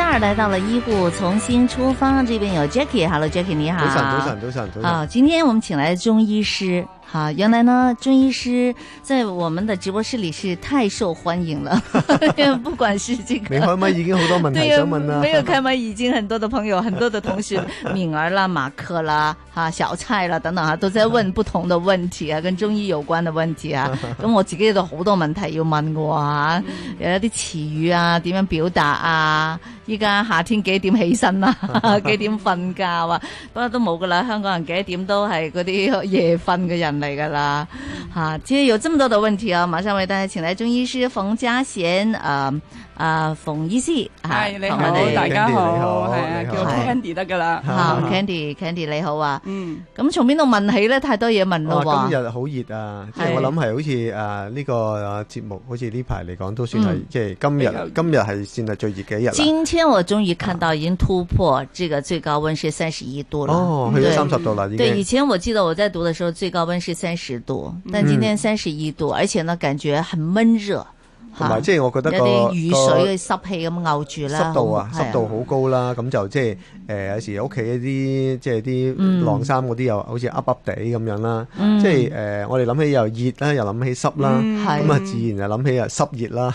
二來到了醫護，重新出發。這邊有 Jackie，Hello，Jackie，你好。多閃多閃多閃多閃。Oh, 今天我們請來的中醫師。原來呢，中醫師在我們的直播室裏是太受歡迎了，因為 不管是這個，沒開麥已經好多問題想問啦，沒有開麥已經很多的朋友、 很多的同學，敏 兒啦、馬克啦、哈小蔡啦等等哈，都在問不同的問題啊，跟中醫有關的問題啊，咁我自己都好多問題要問嘅喎、啊、有一啲詞語啊，點樣表達啊，依家夏天幾點起身啊，幾點瞓覺啊，不過都冇㗎啦，香港人幾點都係嗰啲夜瞓嘅人。來噶啦，好、啊，今天有這麼多的問題啊，馬上為大家請來中醫師馮佳賢啊。呃啊，馮醫師，係你好，大家好，係啊，叫 Candy 得噶啦，Candy，Candy 你好啊，嗯，咁從邊度問起咧？太多嘢問咯，哇，今日好熱啊，即係我諗係好似誒呢個節目，好似呢排嚟講都算係，即係今日今日係算係最熱嘅一日。今天我終於看到，已經突破這個最高溫是三十一度啦，哦，去咗三十度啦，已經。對，以前我記得我在讀的時候，最高溫是三十度，但今天三十一度，而且呢感覺很悶熱。同埋即係，我覺得嗰啲雨水嘅濕氣咁嘔住啦。濕度啊，濕度好高啦，咁就即係誒有時屋企一啲即係啲晾衫嗰啲，又好似噏噏地咁樣啦。即係誒，我哋諗起又熱啦，又諗起濕啦，咁啊自然就諗起又濕熱啦。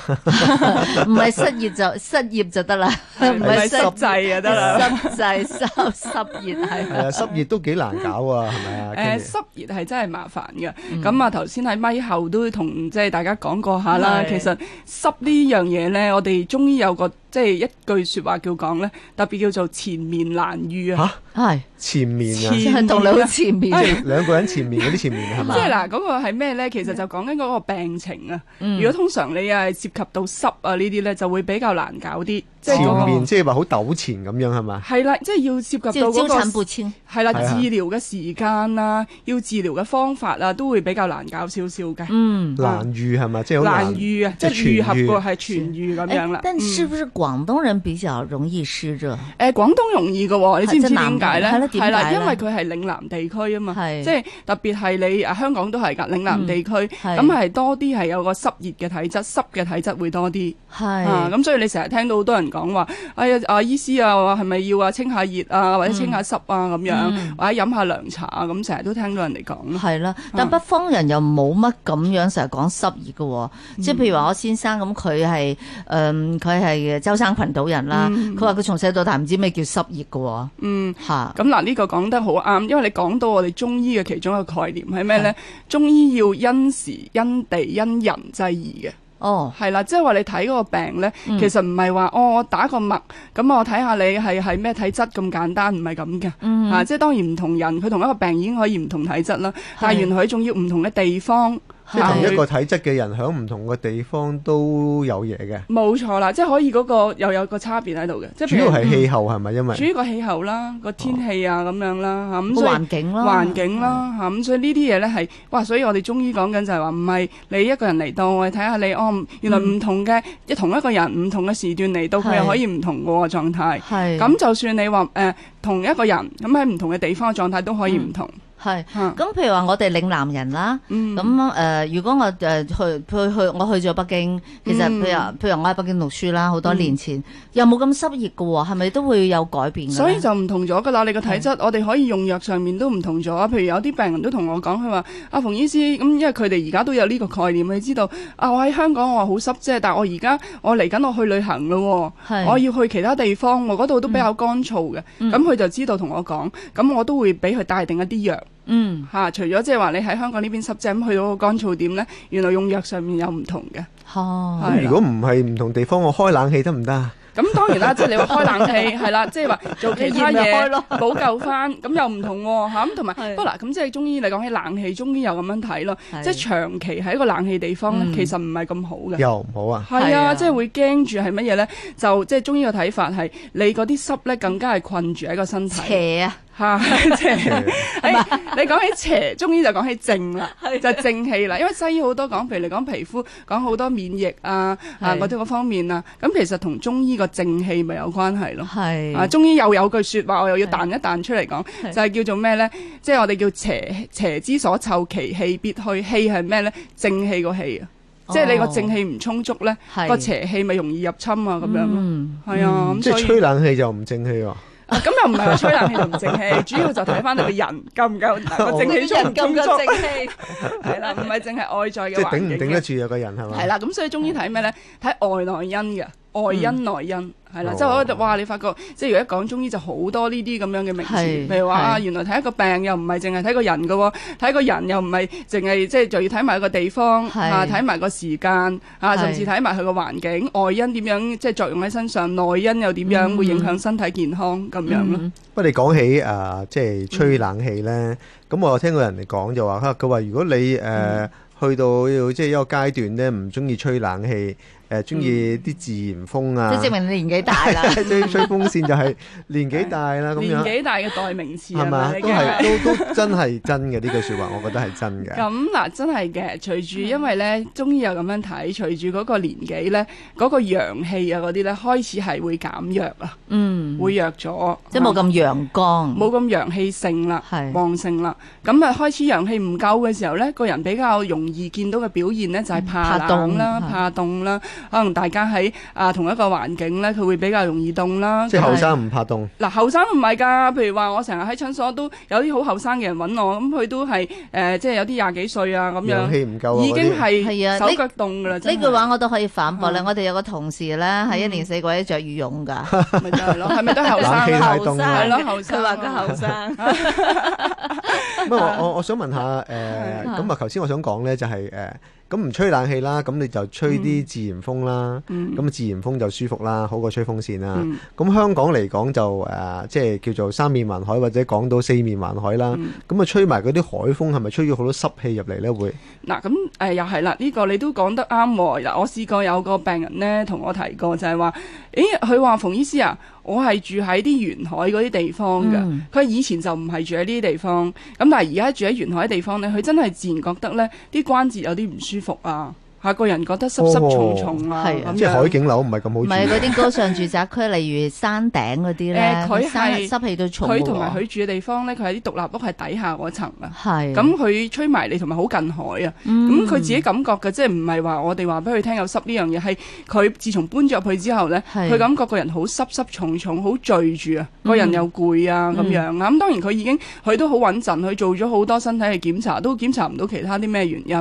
唔係濕熱就濕熱就得啦，唔係濕滯就得啦。濕滯濕濕熱係。係啊，濕熱都幾難搞啊，係咪啊？誒濕熱係真係麻煩嘅。咁啊頭先喺咪後都同即係大家講過下啦，其實。濕呢樣嘢咧，我哋終於有個。即係一句說話叫講咧，特別叫做纏綿難愈啊！嚇係纏綿啊，同兩人纏綿，兩個人纏綿嗰啲纏綿啊嘛。即係嗱，嗰個係咩咧？其實就講緊嗰個病情啊。如果通常你係涉及到濕啊呢啲咧，就會比較難搞啲。纏綿即係話好糾纏咁樣係嘛？係啦，即係要涉及到嗰個係啦，治療嘅時間啊，要治療嘅方法啊，都會比較難搞少少嘅。嗯，難愈係嘛？即係難愈啊！即係愈合過係痊癒咁樣啦。但是不是？廣東人比較容易濕熱，誒、欸，廣東容易嘅、哦，你知唔知點解咧？係啦，因為佢係嶺南地區啊嘛，即係的特別係你啊，香港都係噶嶺南地區，咁係、嗯、多啲係有個濕熱嘅體質，濕嘅體質會多啲，係的，咁、啊、所以你成日聽到好多人講話，哎呀，啊醫師啊，係咪要啊清下熱啊，或者清下濕啊咁樣，嗯、或者飲下涼茶啊，咁成日都聽到人哋講。係啦的，嗯、但北方人又冇乜咁樣成日講濕熱嘅，即係、哦嗯、譬如話我先生咁，佢係誒，佢、嗯、係高山群島人啦、啊，佢話佢從細到大唔知咩叫濕熱噶，嗯吓，咁嗱呢個講得好啱，因為你講到我哋中醫嘅其中一個概念係咩呢？是中醫要因時、因地、因人制宜嘅，就是、哦，係啦，即係話你睇嗰個病呢，其實唔係話哦，我打個脈咁我睇下你係係咩體質咁簡單，唔係咁嘅，嗯吓，即係、啊就是、當然唔同人，佢同一個病已經可以唔同體質啦，是但係原來佢仲要唔同嘅地方。即同一個體質嘅人喺唔同嘅地方都有嘢嘅，冇錯啦，即係可以嗰、那個又有個差別喺度嘅，即係主要係氣候係咪？嗯、因為主要個氣候啦，個天氣啊咁、哦、樣啦，吓咁環境啦，環境啦吓咁的所以呢啲嘢咧係，哇！所以我哋中醫講緊就係話，唔係你一個人嚟到我哋睇下你，哦，原來唔同嘅、嗯、同一個人唔同嘅時段嚟到佢的又可以唔同個狀態，係咁的就算你話誒、呃、同一個人咁喺唔同嘅地方嘅狀態都可以唔同。嗯係，咁譬如話我哋嶺南人啦，咁誒、嗯呃，如果我誒、呃、去去去，我去咗北京，其實譬如、嗯、譬如我喺北京讀書啦，好多年前，嗯、又冇咁濕熱嘅，係咪都會有改變？所以就唔同咗噶啦，你個體質，我哋可以用藥上面都唔同咗。是譬如有啲病人都同我講，佢話阿馮醫師，咁、嗯、因為佢哋而家都有呢個概念，你知道，啊我喺香港我話好濕啫，但係我而家我嚟緊我去旅行咯，是我要去其他地方，我嗰度都比較乾燥嘅，咁佢、嗯、就知道同我講，咁、嗯、我都會俾佢帶定一啲藥。嗯吓，除咗即係話你喺香港呢邊濕滯去到個乾燥點咧，原來用藥上面有唔同嘅。咁如果唔係唔同地方，我開冷氣得唔得啊？咁當然啦，即係你開冷氣係啦，即係話做其他嘢，補救翻，咁又唔同喎吓。咁同埋，不過嗱，咁即係中醫嚟講起冷氣，中醫又咁樣睇咯。即係長期喺一個冷氣地方咧，其實唔係咁好嘅。又唔好啊？係啊，即係會驚住係乜嘢咧？就即係中醫嘅睇法係，你嗰啲濕咧更加係困住喺個身體。邪啊！吓，邪！你講起邪，中醫就講起正啦，就正氣啦。因為西醫好多講，譬如你講皮膚，講好多免疫啊，啊嗰啲嗰方面啊。咁其實同中醫個正氣咪有關係咯。係，中醫又有句說話，我又要彈一彈出嚟講，就係叫做咩咧？即係我哋叫邪，邪之所湊其氣必去。氣係咩咧？正氣個氣啊！即係你個正氣唔充足咧，個邪氣咪容易入侵啊！咁樣，係啊。即係吹冷氣就唔正氣啊！咁、 啊、又唔係話吹冷氣同正氣， 主要就睇翻，你個人夠唔夠個正氣充足。係啦， 唔係淨係外在嘅環境嘅，頂唔頂得住嘅人係咪係啦，咁所以中醫睇咩咧？睇 外內因嘅，外因內因。嗯係啦，即係、就是、我覺得哇！你發覺即係如果講中醫，就好多呢啲咁樣嘅名詞，譬是如話啊，是的 原來睇一個病又唔係淨係睇個人㗎喎，睇個人又唔係淨係即係就要睇埋一個地方是的 啊，睇埋個時間啊，甚至睇埋佢個環境是的 外因點樣即係作用喺身上，內因又點樣會影響身體健康咁、嗯嗯、樣咯。不過、嗯、你講起啊，即、呃、係、就是、吹冷氣咧，咁、嗯、我聽過人哋講就話哈，佢話如果你、呃、去到即係一個階段咧，唔中意吹冷氣。誒，中意啲自然風啊，嗯！即證明你年紀大啦， 即係吹風扇就係年紀大啦，咁樣年紀大嘅代名詞係咪都係都都真係真嘅呢句說話，我覺得係真嘅。咁嗱，真係嘅，隨住因為咧中醫又咁樣睇，隨住嗰個年紀咧，嗰、嗰個陽氣啊嗰啲咧開始係會減弱啊，嗯，會弱咗，即係冇咁陽光，冇咁、嗯、陽氣性啦，是旺盛啦。咁啊開始陽氣唔夠嘅時候咧，個人比較容易見到嘅表現咧就係、是、怕冷啦，怕凍啦。可能大家喺啊同一個環境咧，佢會比較容易凍啦。即後生唔怕凍。嗱後生唔係㗎，譬如話我成日喺診所都有啲好後生嘅人揾我，咁佢都係誒，即係有啲廿幾歲啊咁樣。氧氣唔夠已經係手腳凍㗎啦。呢句話我都可以反駁咧。我哋有個同事咧，係一年四季都着羽絨㗎。係咪都係後生？冷氣太凍啦。係咯，後生佢話都後生。不過我我想問下誒，咁啊頭先我想講咧就係誒咁唔吹冷氣啦，咁你就吹啲自然風啦，咁、嗯嗯、自然風就舒服啦，好過吹風扇啦。咁、嗯、香港嚟講就即係、呃就是、叫做三面環海或者港島四面環海啦，咁啊、嗯、吹埋嗰啲海風，係咪吹咗好多濕氣入嚟呢？會嗱，咁、呃、又係啦，呢、呢個你都講得啱。嗱，我試過有個病人呢，同我提過就係話，咦，佢話馮醫師啊。我係住喺啲沿海嗰啲地方嘅，佢、嗯、以前就唔係住喺呢啲地方，咁但係而家住喺沿海地方咧，佢真係自然覺得咧，啲關節有啲唔舒服啊。係個人覺得濕濕重重啊，即係海景樓唔係咁好。唔係嗰啲高尚住宅區，例如山頂嗰啲咧。誒，佢係濕氣都重。佢同埋佢住嘅地方咧，佢喺啲獨立屋，係底下嗰層。咁佢吹埋你，同埋好近海啊。咁佢自己感覺嘅，即係唔係話我哋話俾佢聽有濕呢樣嘢，係佢自從搬咗入去之後咧，佢感覺個人好濕濕重重，好聚住啊，個人又攰啊咁樣。咁當然佢已經，佢都好穩陣，佢做咗好多身體嘅檢查，都檢查唔到其他啲咩原因。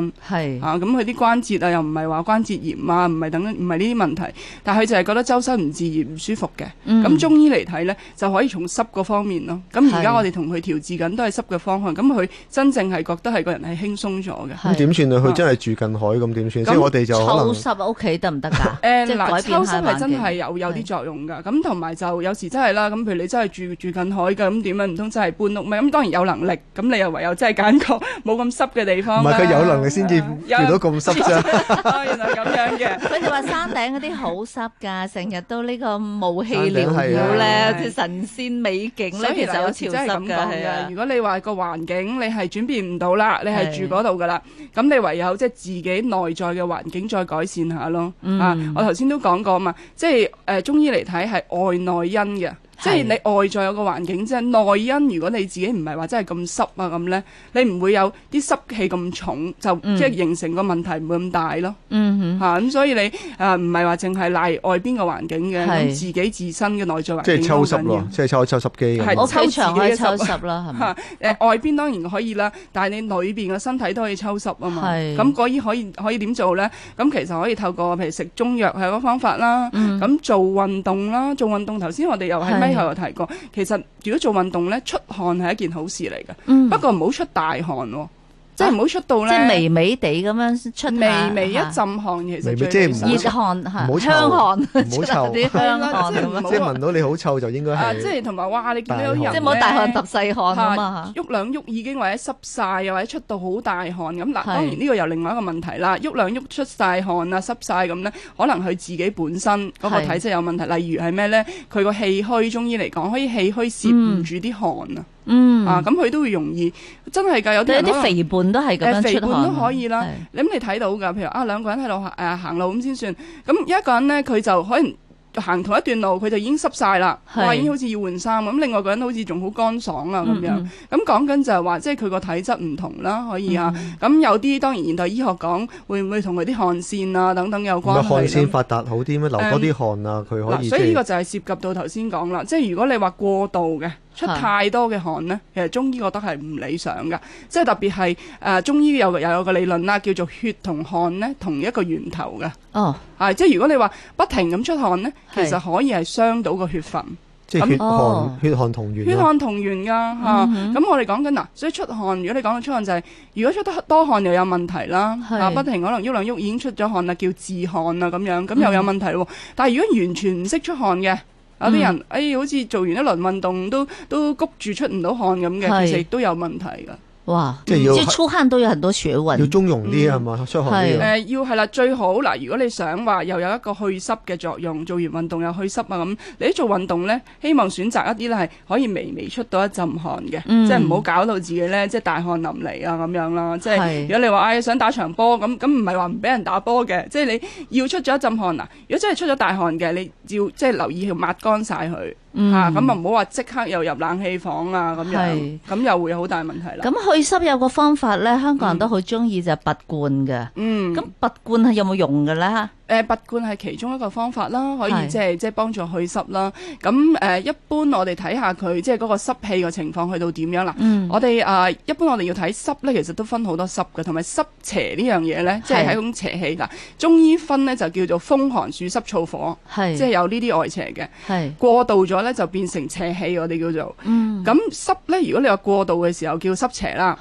啊，咁佢啲關節啊。又唔係話關節炎啊，唔係等唔係呢啲問題，但係佢就係覺得周身唔自然、唔舒服嘅。咁中醫嚟睇咧，就可以從濕嗰方面咯。咁而家我哋同佢調治緊都係濕嘅方向。咁佢真正係覺得係個人係輕鬆咗嘅。咁點算啊？佢真係住近海咁點算？咁我哋就抽濕屋企得唔得㗎？誒嗱，抽濕係真係有有啲作用㗎。咁同埋就有時真係啦。咁譬如你真係住住近海嘅，咁點樣？唔通真係搬屋咪？咁當然有能力，咁你又唯有真係揀個冇咁濕嘅地方。唔係佢有能力先至住到咁濕啫。 哦、原來咁樣嘅，佢哋話山頂嗰啲好濕噶，成日 都個武器料料呢個霧氣繚繞咧，啲、啊、神仙美景咧，以其實有時真係咁講嘅。如果你話個環境你係轉變唔到啦，你係住嗰度噶啦，咁、啊、你唯有即係自己內在嘅環境再改善下咯。嗯、啊，我頭先都講過啊嘛，即係誒、呃、中醫嚟睇係外內因嘅。即係你外在有個環境即啫，內因如果你自己唔係話真係咁濕啊咁咧，你唔會有啲濕氣咁重，就即係形成個問題唔會咁大咯。嗯咁哼、啊、所以你啊唔係話淨係賴外邊個環境嘅，是自己自身嘅內在環境。即係抽濕咯，即係抽抽濕機。我是 Okay, 抽自己嘅濕啦，抽濕外邊當然可以啦，但係你裏邊嘅身體都可以抽濕啊嘛。咁是可以可以可以點做咧？咁其實可以透過譬如食中藥係一個方法啦。咁、嗯、做運動啦，做運動頭先我哋又係咩？嗯、之後又提過，其實如果做運動呢，出汗係一件好事嚟嘅，嗯、不過唔好出大汗喎、哦。即係唔好出到咧，即係微微地咁樣出，微微一浸汗其實，熱汗冇香汗，唔好臭啲香即係聞到你好臭就應該係。即係同埋哇，你見到人咧，即係唔好大汗揼細汗啊嘛吓，喐兩喐已經或者濕晒，又或者出到好大汗咁嗱。當然呢個又另外一個問題啦，喐兩喐出晒汗啊，濕晒咁咧，可能佢自己本身嗰個體質有問題，例如係咩咧？佢個氣虛，中醫嚟講，可以氣虛攝唔住啲汗啊。嗯啊，咁佢都會容易，真係噶有啲有啲肥胖都係咁出汗，肥胖都可以啦。的你咁你睇到噶，譬如啊兩個人喺度誒行路咁先算，咁、嗯、一個人咧佢就可能行同一段路，佢就已經濕晒啦，哇的已經好似要換衫咁，另外個人都好似仲好乾爽啊咁樣。咁講緊就係話，即係佢個體質唔同啦，可以啊。咁有啲當然現代醫學講，會唔會同佢啲汗腺啊等等有關係？汗腺發達好啲咩？流多啲汗啊，佢可以。所以呢個就係涉及到頭先講啦，即係如果你話過度嘅。出太多嘅汗呢，其實中醫覺得係唔理想噶，即係特別係誒中醫有又有個理論啦，叫做血同汗呢同一個源頭㗎。哦，係即係如果你話不停咁出汗呢，其實可以係傷到個血分。即係血汗血汗同源。血汗同源噶嚇，咁我哋講緊嗱，所以出汗如果你講到出汗就係，如果出得多汗又有問題啦，啊不停可能喐兩喐已經出咗汗啦，叫自汗啦咁樣，咁又有問題喎。但係如果完全唔識出汗嘅。有啲人、嗯、哎，好似做完一輪運動都都谷住出唔到汗咁嘅，其實亦都有問題㗎。哇！即係出汗都有很多穴位，要中庸啲係、啊、嘛？嗯、出汗要誒、啊嗯呃，要係啦，最好嗱。如果你想話又有一個去濕嘅作用，做完運動又去濕啊咁。你做運動呢，希望選擇一啲咧係可以微微出到一陣汗嘅，嗯、即係唔好搞到自己呢，即係大汗淋漓啊咁樣啦。即係是如果你話、哎、想打場波咁，咁唔係話唔俾人打波嘅，即係你要出咗一陣汗嗱。如果真係出咗大汗嘅，你要即係留意要抹乾晒佢。嗯，咁啊唔好話即刻又入冷氣房啊，咁樣，咁是又會有好大問題啦。咁去濕有個方法咧，香港人都好中意就拔罐嘅，嗯，咁拔罐係有冇用嘅咧？誒拔罐係其中一個方法啦，可以即係即係幫助去濕啦。咁誒是、呃、一般我哋睇下佢即係嗰個濕氣嘅情況去到點樣啦。嗯、我哋誒、呃、一般我哋要睇濕咧，其實都分好多濕嘅，同埋濕邪呢樣嘢咧，即係係一種邪氣㗎。是中醫分咧就叫做風寒暑濕燥、燥火，即係是有呢啲外邪嘅。是過度咗咧就變成邪氣，我哋叫做。咁、嗯、濕咧，如果你話過度嘅時候叫濕邪啦。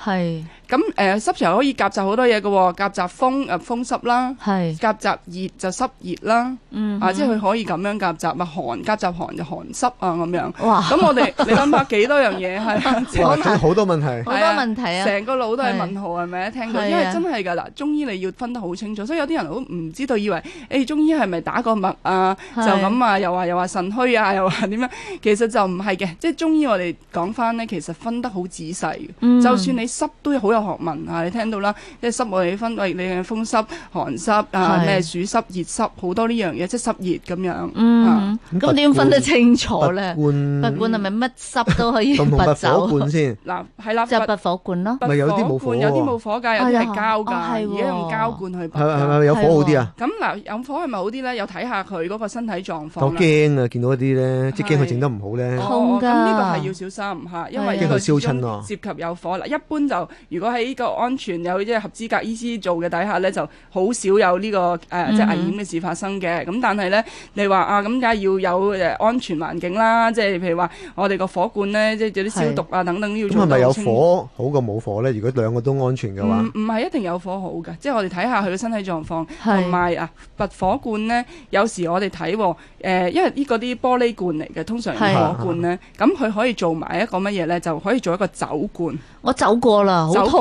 咁誒濕邪可以夾雜好多嘢㗎喎，夾雜風誒風濕啦，夾雜熱就濕熱啦，啊即係佢可以咁樣夾雜啊寒，夾雜寒就寒濕啊咁樣。哇！咁我哋你諗下幾多樣嘢係，好多問題，好多問題啊！成個腦都係問號啊！係咪？聽到，因為真係㗎啦，中醫你要分得好清楚，所以有啲人都唔知道，以為誒中醫係咪打個脈啊，就咁啊，又話又話腎虛啊，又話點樣？其實就唔係嘅，即係中醫我哋講翻咧，其實分得好仔細。就算你濕都好有。學問啊，你聽到啦，即係濕我哋分為你嘅風濕、寒濕啊，咩暑濕、熱濕好多呢樣嘢，即係濕熱咁樣。咁點分得清楚咧？拔罐係咪乜濕都可以拔先嗱，係啦，即係拔火罐咯。咪有啲冇火㗎，有啲係膠㗎，而家用膠罐去拔係係有火好啲啊。咁嗱，有火係咪好啲咧？有睇下佢嗰個身體狀況。我驚啊！見到一啲咧，即係驚佢整得唔好咧。痛㗎。咁呢個係要小心吓，因為佢燒親咯。涉及有火嗱，一般就如果。喺個安全有即係合資格醫師做嘅底下咧，就好少有呢、這個誒、呃、即係危險嘅事發生嘅。咁、嗯、但係咧，你話啊咁，梗係要有誒安全環境啦。即係譬如話，我哋個火罐咧，即係有啲消毒啊等等都是要做。咁係咪有火好過冇火咧？如果兩個都安全嘅話，唔唔係一定有火好嘅。即係我哋睇下佢嘅身體狀況同埋啊拔火罐咧，有時我哋睇誒，因為呢嗰啲玻璃罐嚟嘅，通常火罐咧，咁佢可以做埋一個乜嘢咧？就可以做一個走罐。我走過啦，好痛。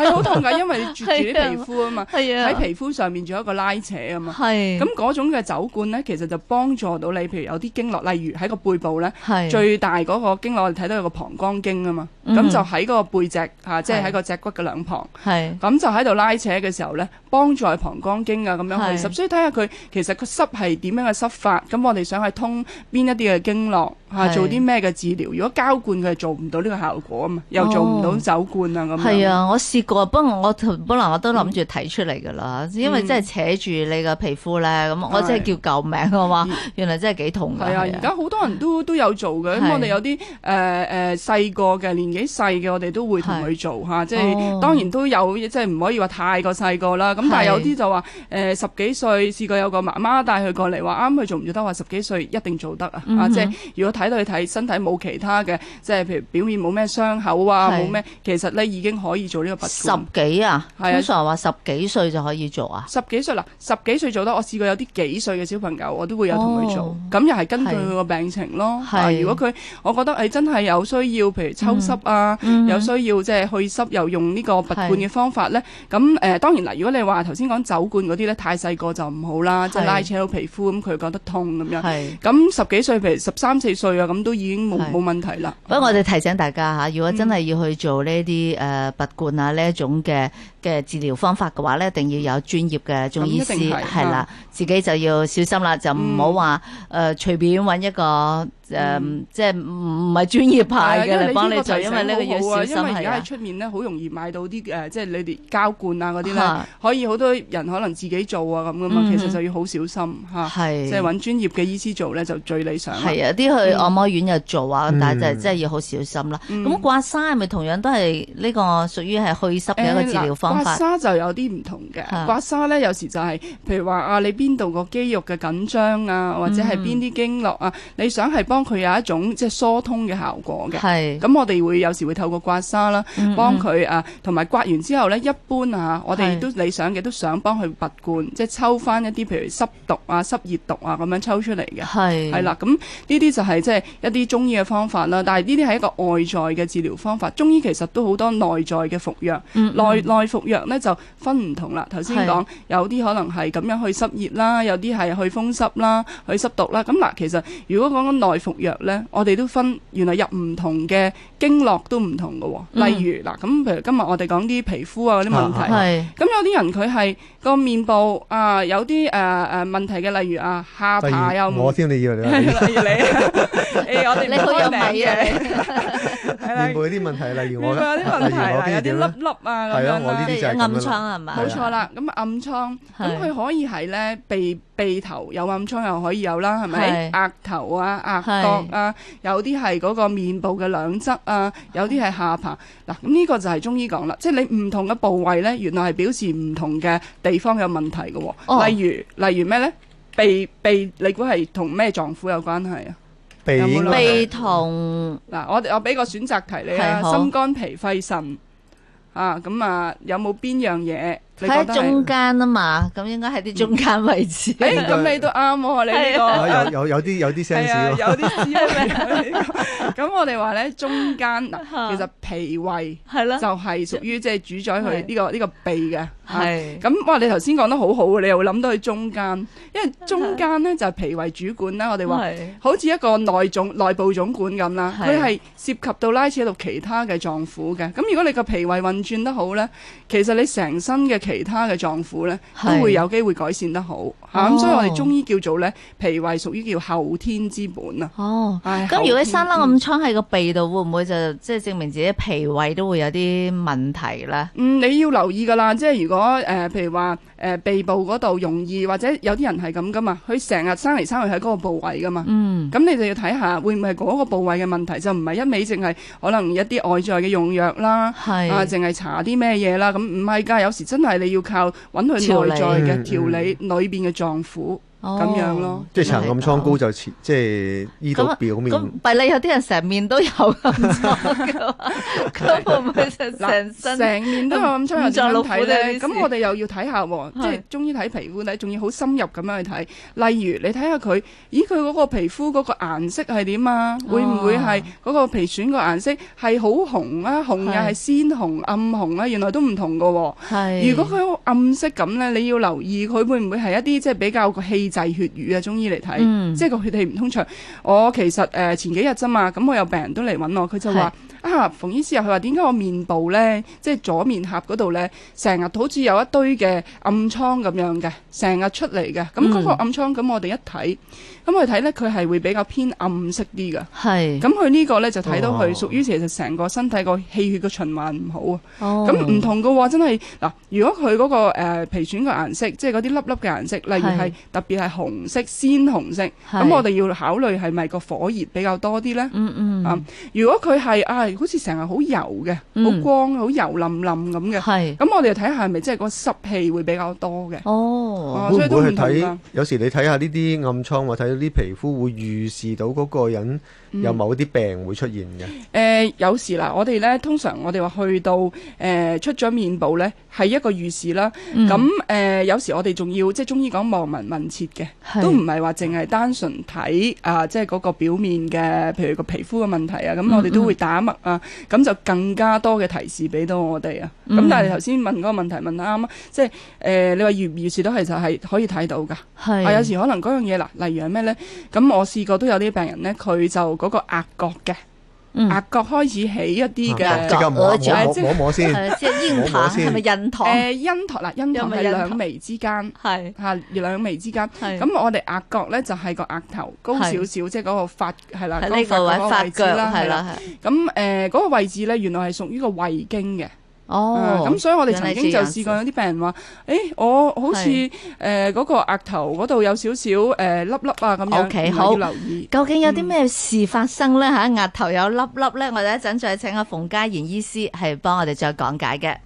係好痛噶，因為絕住啲皮膚啊嘛，喺皮膚上面仲有一個拉扯啊嘛。係咁嗰種嘅走罐咧，其實就幫助到你，譬如有啲經絡，例如喺個背部咧，最大嗰個經絡，我哋睇到有個膀胱經啊嘛。咁就喺個背脊，吓即係喺個脊骨嘅兩旁。係咁就喺度拉扯嘅時候咧，幫助膀胱經啊，咁樣去濕。所以睇下佢其實個濕係點樣嘅濕法，咁我哋想去通邊一啲嘅經絡，吓做啲咩嘅治療。如果膠罐佢係做唔到呢個效果啊嘛，又做唔到走罐啊咁樣。係啊，我試。不過我本來我都諗住睇出嚟㗎啦，因為真係扯住你個皮膚咧咁，我真係叫救命啊嘛，原來真係幾痛嘅。係啊，而家好多人都都有做嘅，咁我哋有啲誒誒細個嘅年紀細嘅，我哋都會同佢做嚇，即係當然都有，即係唔可以話太過細個啦。咁但係有啲就話誒十幾歲試過有個媽媽帶佢過嚟，話啱佢做唔做得話十幾歲一定做得啊！啊，即係如果睇到你睇身體冇其他嘅，即係譬如表面冇咩傷口啊，冇咩，其實咧已經可以做呢個。十幾啊，係啊，通常話十幾歲就可以做啊？十幾歲啦，十幾歲做得，我試過有啲幾歲嘅小朋友，我都會有同佢做，咁又係根據佢個病情咯。如果佢，我覺得誒真係有需要，譬如抽濕啊，有需要即係去濕，又用呢個拔罐嘅方法咧。咁誒，當然啦，如果你話頭先講酒罐嗰啲咧，太細個就唔好啦，即係拉扯到皮膚，咁佢覺得痛咁樣。咁十幾歲，譬如十三四歲啊，咁都已經冇冇問題啦。不過我哋提醒大家吓，如果真係要去做呢啲誒拔罐啊。呢一種嘅嘅治療方法嘅話咧，一定要有專業嘅中醫師係啦，了啊、自己就要小心啦，就唔好話誒，隨便揾一個。誒，即係唔唔係專業派嘅，嚟幫你，就因為呢啲嘢，因為而家喺出面咧，好容易買到啲誒，即係你哋膠罐啊嗰啲咧，可以好多人可能自己做啊咁噶嘛，其實就要好小心吓。係，即係揾專業嘅醫師做咧就最理想。係啊，啲去按摩院又做啊，但係即係要好小心啦。咁刮痧係咪同樣都係呢個屬於係祛濕嘅一個治療方法？刮痧就有啲唔同嘅，刮痧咧有時就係，譬如話啊，你邊度個肌肉嘅緊張啊，或者係邊啲經絡啊，你想係幫。佢有一種即疏通嘅效果嘅，咁是我哋會有時會透過刮痧啦，嗯嗯嗯幫佢啊，同埋刮完之後咧，一般啊，我哋都是理想嘅都想幫佢拔罐，即係抽翻一啲譬如濕毒啊、濕熱毒啊咁樣抽出嚟嘅，係是啦，咁呢啲就係、是、即、就是、一啲中醫嘅方法啦。但係呢啲係一個外在嘅治療方法，中醫其實都好多內在嘅服藥，嗯嗯嗯內內服藥咧就分唔同啦。頭先是講有啲可能係咁樣去濕熱啦，有啲係去風濕啦，去濕毒啦。咁嗱，其實如果講緊內服，藥咧，我哋都分，原來入唔同嘅經絡都唔同㗎喎。例如嗱，咁譬如今日我哋講啲皮膚啊嗰啲問題，咁有啲人佢係個面部啊有啲誒誒問題嘅，例如啊下巴有冇我先你要你，例如你，我哋你，度有米嘅，面部有啲問題，例如有啲問題，有啲粒粒啊，係咯，我呢啲就係咁啦。暗瘡係咪？冇錯啦，咁暗瘡，咁佢可以係咧鼻鼻頭有暗瘡又可以有啦，係咪？額頭啊，額。是是啊，有啲係嗰個面部嘅兩側啊，有啲係下巴。嗱，咁呢個就係中醫講啦，即係你唔同嘅部位呢，原來係表示唔同嘅地方有問題嘅。哦。哦，例如，例如咩呢？鼻，鼻你估係同咩臟腑有關係啊？鼻痛。嗱，我我俾個選擇題你啦，心肝脾肺腎啊，咁啊，有冇邊樣嘢？喺中間啊嘛，咁應該係啲中間位置。誒，咁你都啱喎，你呢個有有啲有啲 sense 喎。有啲咩？咁我哋話咧，中間嗱，其實脾胃係咯，就係屬於即係主宰佢呢個呢個脾嘅。係咁，哇！你頭先講得好好，你又會諗到佢中間，因為中間咧就係脾胃主管啦。我哋話好似一個內總內部總管咁啦，佢係涉及到拉扯到其他嘅臟腑嘅。咁如果你個脾胃運轉得好咧，其實你成身嘅。其他嘅臟腑咧都會有機會改善得好，咁、oh. 所以我哋中醫叫做咧脾胃屬於叫後天之本啦。哦，咁如果生粒暗瘡喺個鼻度，會唔會就即係證明自己脾胃都會有啲問題咧？嗯，你要留意噶啦，即係如果誒、呃，譬如話。誒，鼻部嗰度容易，或者有啲人係咁噶嘛，佢成日生嚟生去喺嗰個部位噶嘛。嗯，咁你就要睇下，會唔會係嗰個部位嘅問題？就唔係一味淨係可能一啲外在嘅用藥啦，係是啊，淨係查啲咩嘢啦。咁唔係噶，有時真係你要靠揾佢內在嘅調理，裏邊嘅臟腑。咁樣咯，即係搽暗瘡膏就似即係醫到表面。唔係你有啲人成面都有。咁啊，成成面都有暗瘡，有啲點睇咧？咁我哋又要睇下，即係中醫睇皮膚咧，仲要好深入咁樣去睇。例如你睇下佢，咦佢嗰個皮膚嗰個顏色係點啊？會唔會係嗰個皮損個顏色係好紅啊？紅又係鮮紅、暗紅啊？原來都唔同㗎喎。係。如果佢暗色咁咧，你要留意佢會唔會係一啲即係比較氣滯血瘀啊！中醫嚟睇，嗯、即係個血氣唔通暢。我其實誒、呃、前幾日咋嘛，咁我有病人都嚟揾我，佢就話是啊，馮醫師啊，佢話點解我面部呢？即、就、係、是、左面頰嗰度呢，成日好似有一堆嘅暗瘡咁樣嘅，成日出嚟嘅。咁嗰個暗瘡，咁、嗯、我哋一睇。咁佢睇咧，佢係會比較偏暗色啲噶。係是。咁佢呢個咧就睇到佢屬於其實成個身體個氣血個循環唔好啊。咁唔、哦、同噶，真係嗱，如果佢嗰，那個誒、呃、皮損個顏色，即係嗰啲粒粒嘅顏色，例如係特別係紅色、鮮紅色，咁是我哋要考慮係咪個火熱比較多啲咧，嗯？嗯嗯。啊，如果佢係啊，好似成日好油嘅，好、嗯、光、好油淋淋咁嘅，係，嗯。咁我哋又睇下係咪即係個濕氣會比較多嘅？哦。啊、所以都會唔會去睇？有時你睇下呢啲暗瘡我睇。啲皮膚會預示到嗰個人有某啲病會出現嘅。誒、嗯呃，有時嗱我哋咧通常我哋話去到誒、呃，出咗面部咧係一個預示啦。咁誒、嗯呃，有時我哋仲要即係中醫講望聞問切嘅，是都唔係話淨係單純睇啊，即係嗰個表面嘅，譬如個皮膚嘅問題啊。咁我哋都會打脈、嗯、啊，咁就更加多嘅提示俾到我哋啊。咁、嗯、但係頭先問嗰個問題問得啱，即係誒、呃，你話預唔預示到，其實係可以睇到㗎，係是啊，有時可能嗰樣嘢嗱例如係咩咧？咁我試過都有啲病人咧，佢就嗰個額角嘅，額角開始起一啲嘅，即摸摸先，係咪印堂？誒，印堂嗱，印堂係兩眉之間，係吓，兩眉之間。咁我哋額角咧就係個額頭高少少，即係嗰個髮，係啦，呢個髮腳啦，係啦。咁誒，嗰個位置咧，原來係屬於個胃經嘅。哦，咁、嗯、所以我哋曾經就試過有啲病人話，咦、欸，我好似誒嗰個額頭嗰度有少少誒、呃、粒粒啊，咁樣 OK，好，要留意。究竟有啲咩事發生咧？嚇、嗯啊，額頭有粒粒咧，我哋一陣再請阿、啊、馮嘉賢醫師係幫我哋再講解嘅。